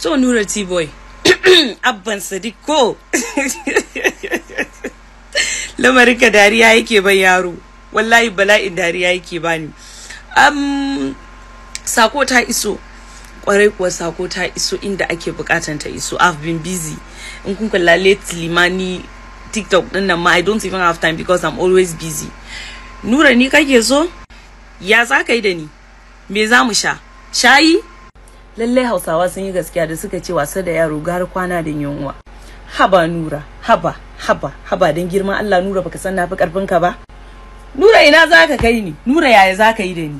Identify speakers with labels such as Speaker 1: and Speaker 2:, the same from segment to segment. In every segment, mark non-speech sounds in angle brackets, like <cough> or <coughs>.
Speaker 1: to nura t-boy <coughs> abban sadiko ko <laughs> lamarin ka dariya yake ban yaro wallahi bala'in dariya yake bani um, sako ta iso kwarai kuwa sako ta iso inda ake bukatan ta iso i've been busy in kun kalla lately ma tiktok din nan ma i don't even have time because i'm always busy nura ni kake so ya za ka yi da ni me za mu sha shayi lallai hausawa sun yi gaskiya da suka ce wasa da yaro gara kwana da yunwa haba nura haba haba haba don girman allah nura baka san na fi ka ba nura ina za ka kai ni nura yaya za ka yi da ni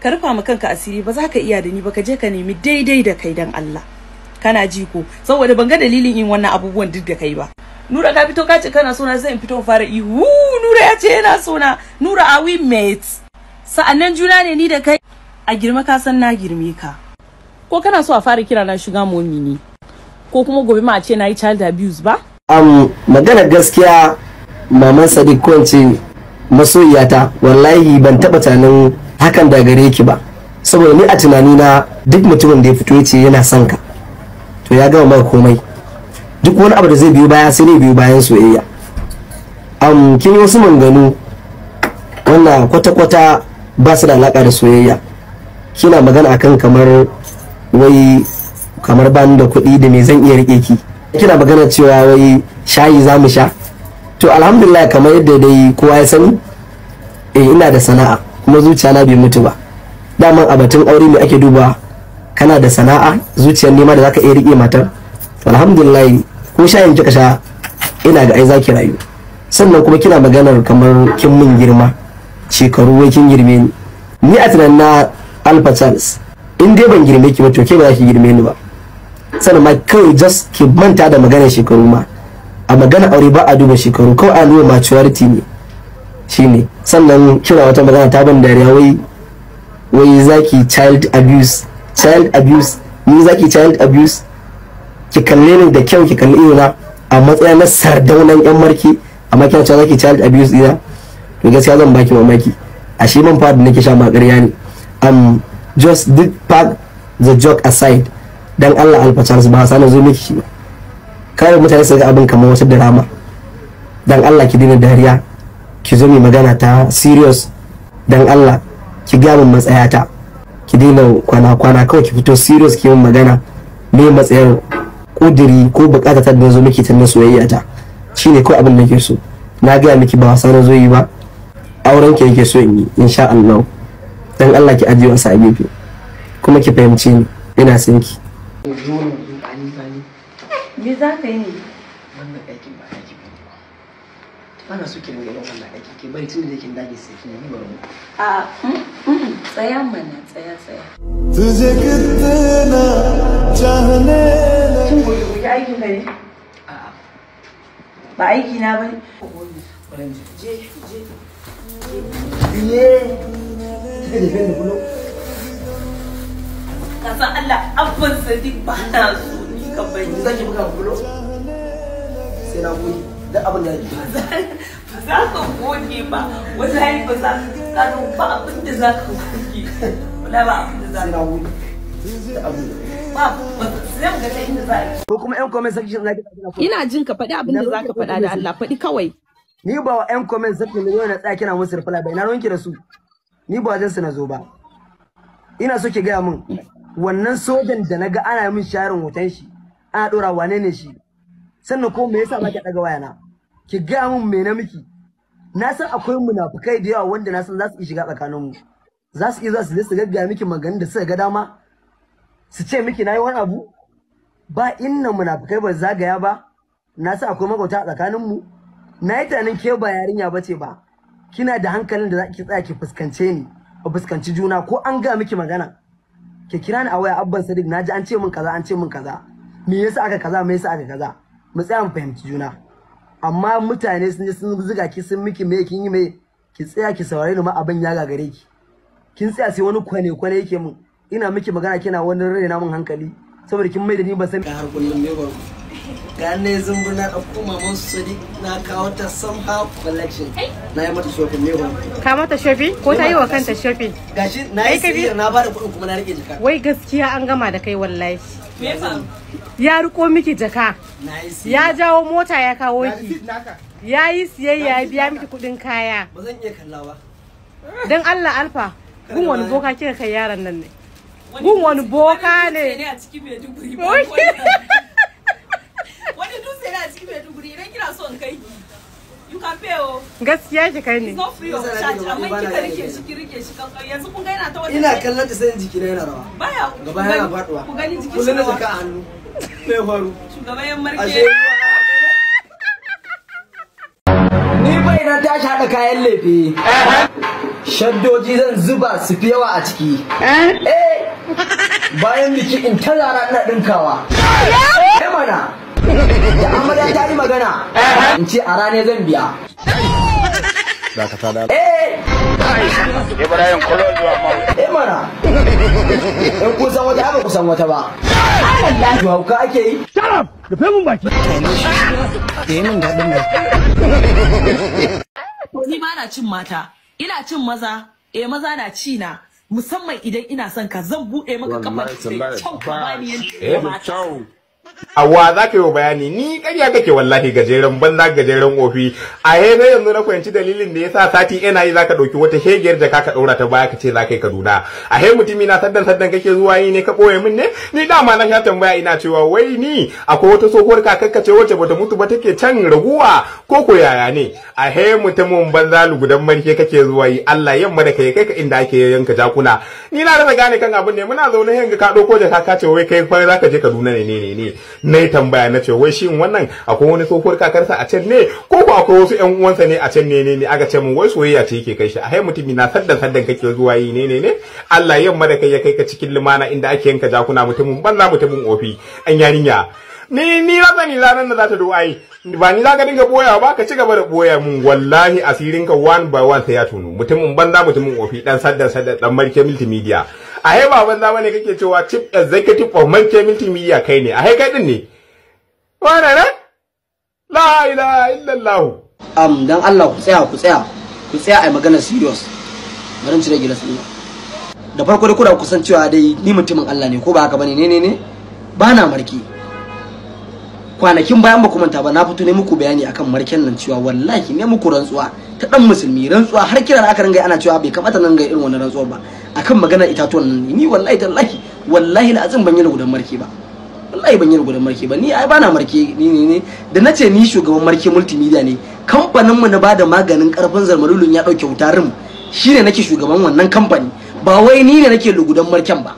Speaker 1: ka rufa ma kanka asiri ba za ka iya da ni ba ka je ka nemi daidai da kai don allah kana ji ko saboda ban ga dalilin yin wannan abubuwan duk da kai ba Nura ka fito ka ce kana sona zai fito fara ihu Nura ya ce yana sona Nura are we mates sa'annan juna ne ni da kai a girma ka san na girme ka ko kana so a fara kira na shiga momi ne? ko kuma gobe ma ce na yi child abuse ba
Speaker 2: um, magana gaskiya maman sadiq ko ce masoyiyata wallahi ban taba tunanin hakan da gare ki ba saboda ni a tunani na duk mutumin da ya fito ya ce yana son ka to ya gama maka komai duk wani abu da zai biyo baya sai ne biyo bayan soyayya um, kin wasu manganu wannan kwata-kwata ba su da alaka da soyayya kina magana akan kamar wai kamar bani da kuɗi da me zan iya rike ki kina magana cewa wai shayi za mu sha to alhamdulillah kamar yadda dai kowa ya sani eh ina da sana'a kuma zuciya na bai mutu ba daman a batun aure me ake duba kana da sana'a zuciyar nema da zaka iya rike matar to alhamdulillah ko shayin kika sha ina ga ai zaki rayu sannan kuma kina maganar kamar kin mun girma shekaru wai kin girme ni ni a tunanin na Alpha Charles in dai ban girme ki ba to ke ba za ki girme ni ba sannan ma kai just ki manta da magana shekaru ma a magana aure ba a duba shekaru kawai a duba maturity ne shine sannan kira wata magana ta ban dariya wai wai zaki child abuse child abuse ni zaki child abuse ki kalle ni da kyau ki kalle ina a matsayin na sardaunan yan marki amma kina cewa zaki child abuse ina to gaskiya zan baki mamaki a shi man fa da nake sha ma ne um just did park the joke aside dan Allah Alfa su ba na zo miki shi ba kare mutane su ga abin kamar wata drama dan Allah ki dina dariya ki zo mai magana ta serious dan Allah ki ga min matsayata ki dina kwana kwana kawai ki fito serious ki min magana me matsayar kudiri ko bukatar ta da zo miki ta na soyayya ta ne ko abin da ke so na gaya miki ba na zo yi ba auren ki yake so in yi insha dan Allah ki ajiye wasu a gefe kuma ki fahimci ni ina son ki
Speaker 1: me za ka yi ne wannan aikin ba aiki ba ana so ki ringa yin wannan aiki ke bari kin dage sai kin yi bari a mm, mm, tsaya mana tsaya tsaya tuje na aiki ba aiki na bane
Speaker 2: je je
Speaker 1: je kika jefe ni Allah ba na ni ka bai abin da ya ba za ka goge ba ba za ka ba abin da za ka goge ba abin da za ka goge ina jin ka faɗi abin da zaka faɗa da Allah
Speaker 2: faɗi kawai ni ba wa yan comment section na tsaya kina musu reply bai na da su ni ba wajensu na zo ba ina so ki gaya min wannan sojan da na ga ana min sharin hoton shi ana dora wane ne shi sannan ko me yasa ba ki daga wayana ki gaya min me na miki na san akwai munafukai da yawa wanda na san za su iya shiga tsakaninmu za su iya za su je su gaggaya miki maganin da suka ga dama su ce miki na yi wani abu ba inna munafukai ba zagaya ba na san akwai magauta a mu na yi tunanin ke ba yarinya ba ce ba kina da hankalin da za ki tsaya ki fuskance ni ba fuskanci juna ko an ga miki magana ke kira ni a waya abban sadiq naji an ce min kaza an ce min kaza me yasa aka kaza me yasa aka kaza mu tsaya mu fahimci juna amma mutane sun je sun zuga ki sun miki me kin yi me ki tsaya ki saurare ni ma abin ya gagare ki kin tsaya sai wani kwane kwane yake mun ina miki magana kina wani raina mun hankali saboda kin mai da ni ba san har kullum ne ba ga ne zumbu na ɗauko maman suri na kawo ta Samha collection na yi mata shopping ne
Speaker 3: ka mata shopping ko ta yi wa kanta
Speaker 1: shopping gashi na yi sirri na bada kuɗin kuma na rike jaka wai gaskiya an gama da kai wallahi ya riko miki jaka ya jawo mota ya kawo ki ya yi siyayya ya biya miki kuɗin kaya
Speaker 2: ba zan iya kalla ba
Speaker 1: don allah alfa gun wani boka kika kai yaran nan ne gun wani boka ne a cikin <laughs> Maiduguri idan you can pay o oh. gaskiya ki kai ne yanzu kun ga yana ina kallon
Speaker 2: da jiki na rawa
Speaker 1: baya gaba yana faduwa ku gani jiki shi a
Speaker 2: ni bai na tashi haɗa kayan lefe shaddoji zan zuba su yawa a ciki eh? eh bayan biki in ta zara ina ɗinkawa. Eh, mana! da amarya ta yi magana eh. in ce a rane zan biya za ka fada eh ibrahim kulo zuwa ma eh mara in kun san wata ba ku san wata ba wallahi hauka ake yi sharaf da fe mun baki
Speaker 1: eh mun daɗin mai ni ba na cin mata ina cin maza eh maza na ci na musamman idan ina son ka zan buɗe maka kafar kyau kamar yadda eh, mata
Speaker 3: a wa za ka yi bayani ni ƙarya kake wallahi gajeren banza gajeren ofi a yanzu yanzu na fahimci dalilin da ya sa sati ina yi za ka ɗauki wata hegiyar da ka ɗora ta baya ka ce za ka yi kaduna a he mutumi na saddan saddan kake zuwa yi ne ka ɓoye min ne ni dama na sha tambaya ina cewa wai ni akwai wata tsohuwar ka ce wacce bata mutu ba take can raguwa ko ko yaya ne a he mutumin banza lugudan marke kake zuwa yi Allah yamma da kai kai ka inda ake yanka jakuna ni na rasa gane kan abin ne muna zaune yanga ka dauko da ka ce wai kai fa zaka je Kaduna ne ne ne ne tambaya na ce wai shin wannan akwai wani tsohuwar kakarsa a can ne ko ko akwai wasu ƴan uwansa ne a can ne ne ne aka ce mun wai soyayya ce yake kai shi a he mutumi na saddan saddan kake zuwa yi ne ne ne Allah yamma da kai ya kai ka cikin limana inda ake yanka jakuna mutumin banza mutumin ofi an yarinya ni ni za ta ni ranar da za ta do ai ba ni za ka dinga boya ba ka ci gaba da boya mun wallahi asirin ka one by one sai ya tunu mutumin banza mutumin ofi dan saddan saddan dan marke multimedia a hai ba banza bane kake cewa chief executive of marke multimedia kai ne a hai kai din ne wannan ne la ilaha allah
Speaker 2: am dan Allah ku tsaya ku tsaya ku tsaya ai magana serious bari cire gilas din da farko da ku san cewa dai ni mutumin Allah ne ko ba haka bane ne ne ne ba na marki kwanakin bayan ba manta ba na fito ne muku bayani akan marken nan cewa wallahi ne muku rantsuwa ta dan musulmi rantsuwa har kiran aka ringa ana cewa bai kamata nan ga irin wannan rantsuwa ba akan magana itatuwan nan ni wallahi tallahi wallahi azin ban yi rugudan marke ba wallahi ban yi rugudan marke ba ni ai bana marke ni ne ne da nace ni shugaban marke multimedia ne kamfanin mu na bada maganin karfin zarmalulun ya dauke wutarin shine nake shugaban wannan kamfani ba wai ni ne nake rugudan marken ba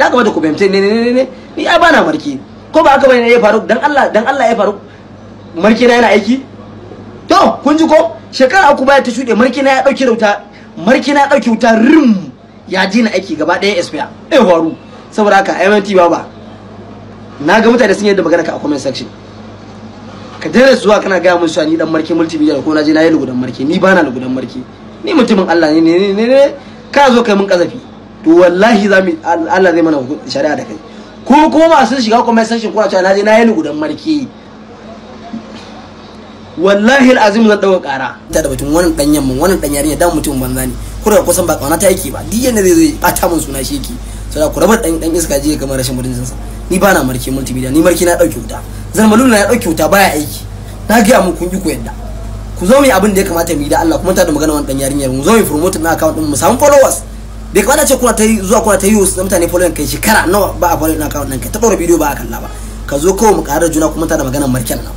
Speaker 2: da kamata ku fahimce ne ne ne ni ai bana marke ko ba haka bane ya faru dan Allah dan Allah ya faru markina yana aiki to kun ji ko shekara uku baya ta shuɗe markina ya dauki rauta markina ya dauki wuta rim ya ji na aiki gaba ɗaya expire eh faru saboda haka MNT baba na ga mutane sun yadda magana ka a comment section ka dare zuwa kana gaya mun ni dan marke multimedia ko na ji na yi lugudan marke ni ba na lugudan marke ni mutumin Allah ne ne ne ka zo kai mun kazafi to wallahi za Allah zai mana shari'a da kai ko kuma masu shiga kuma san shi kuna cewa na je na yi lugudan marki wallahi azim zan dauka kara ta da mutum wannan dan mun wannan dan yarinya dan mutum banza ne ko da kusan ba kauna ta yake ba duk yanda zai zo bata mun suna shi yake saboda ku rabar dan dan iska je kamar rashin sa. ni ba na marke multimedia ni marke na dauke wuta zan malulu na dauke wuta baya aiki na ga mu kun yi ku yadda ku zo mu yi abin da ya kamata mu yi da Allah kuma ta da magana wannan dan yarin mu zo mu promote na account din mu samu followers bai kamata ce kuna ta zuwa kuna ta yus mutane following kai shekara nawa ba a na account ɗinka ta ɗora bidiyo ba a kalla ba ka zo kawai mu ƙarar juna kuma tana maganar marken nan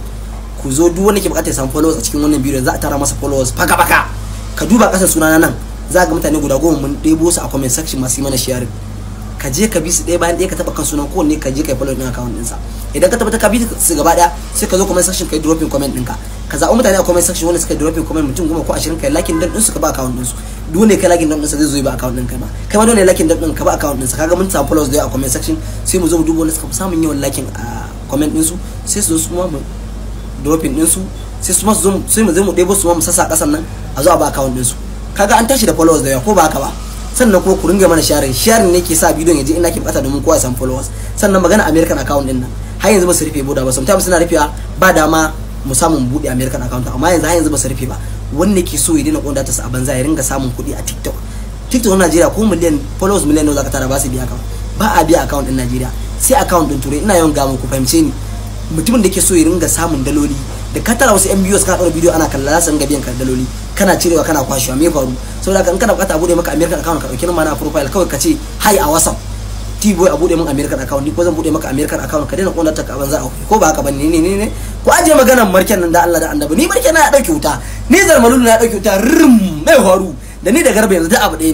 Speaker 2: ku zo duk wanda ke buƙatar samu followers a cikin wannan bidiyo za a tara masa followers faka faka ka duba ƙasar sunana nan za ga mutane guda goma mun ɗebo su a comment section masu yi mana sharing ka je ka bi su ɗaya bayan ɗaya ka taɓa kan sunan kowanne ka je ka yi follow din account ɗinsa idan ka tabbata ka bi su gaba ɗaya sai ka zo comment section ka yi dropping comment ɗinka ka zaɓi mutane a comment section wanda suka yi dropping comment mutum goma ko ashirin ka yi liking ɗin ɗinsu ka ba account ɗinsu duk ne kai liking ɗin ɗinsa zai zo ba account ɗinka ma kai ma dole liking dan ɗin ka ba account ɗinsa kaga mun samu followers da a comment section sai mu zo mu duba wanda suka fi samun yawan lakin a comment ɗinsu sai su zo su ma mu dropping ɗinsu sai su ma su zo sai mu zo mu ɗebo su ma mu sassa ƙasan nan a zo a ba account ɗinsu kaga an tashi da followers da yawa ko ba haka ba sannan kuma ku ringa mana sharing sharing ne ke sa bidiyon ya je ina ke bukata domin kowa ya samu followers sannan magana American account din nan har yanzu ba su rufe boda ba sometimes suna rufewa ba dama mu samu mu bude American account amma yanzu har yanzu ba su rufe ba wanda ke so ya dina data su a banza ya ringa samun kuɗi a TikTok TikTok na Najeriya ko miliyan followers miliyan nawa zaka tara ba su biya ka ba a biya account din Najeriya sai account din Turai ina yawan ga mu ku fahimce ni mutumin da ke so ya ringa samun daloli da ka tara wasu yan biyu kana kawo bidiyo ana kalla za su ringa biyan ka daloli kana cirewa kana kwashewa me faru saboda haka in kana bukata a bude maka american account ka dauki nan mana a profile kawai ka ce hi a whatsapp t-boy a bude min american account ni ko zan bude maka american account ka daina kona ta ka banza a ko ba haka bane ne ne ne ko aje maganar marken nan da Allah da annabi ni marken na dauke wuta ni zarmalulu na dauke wuta rum mai faru da ni da garba yanzu da abu ɗaya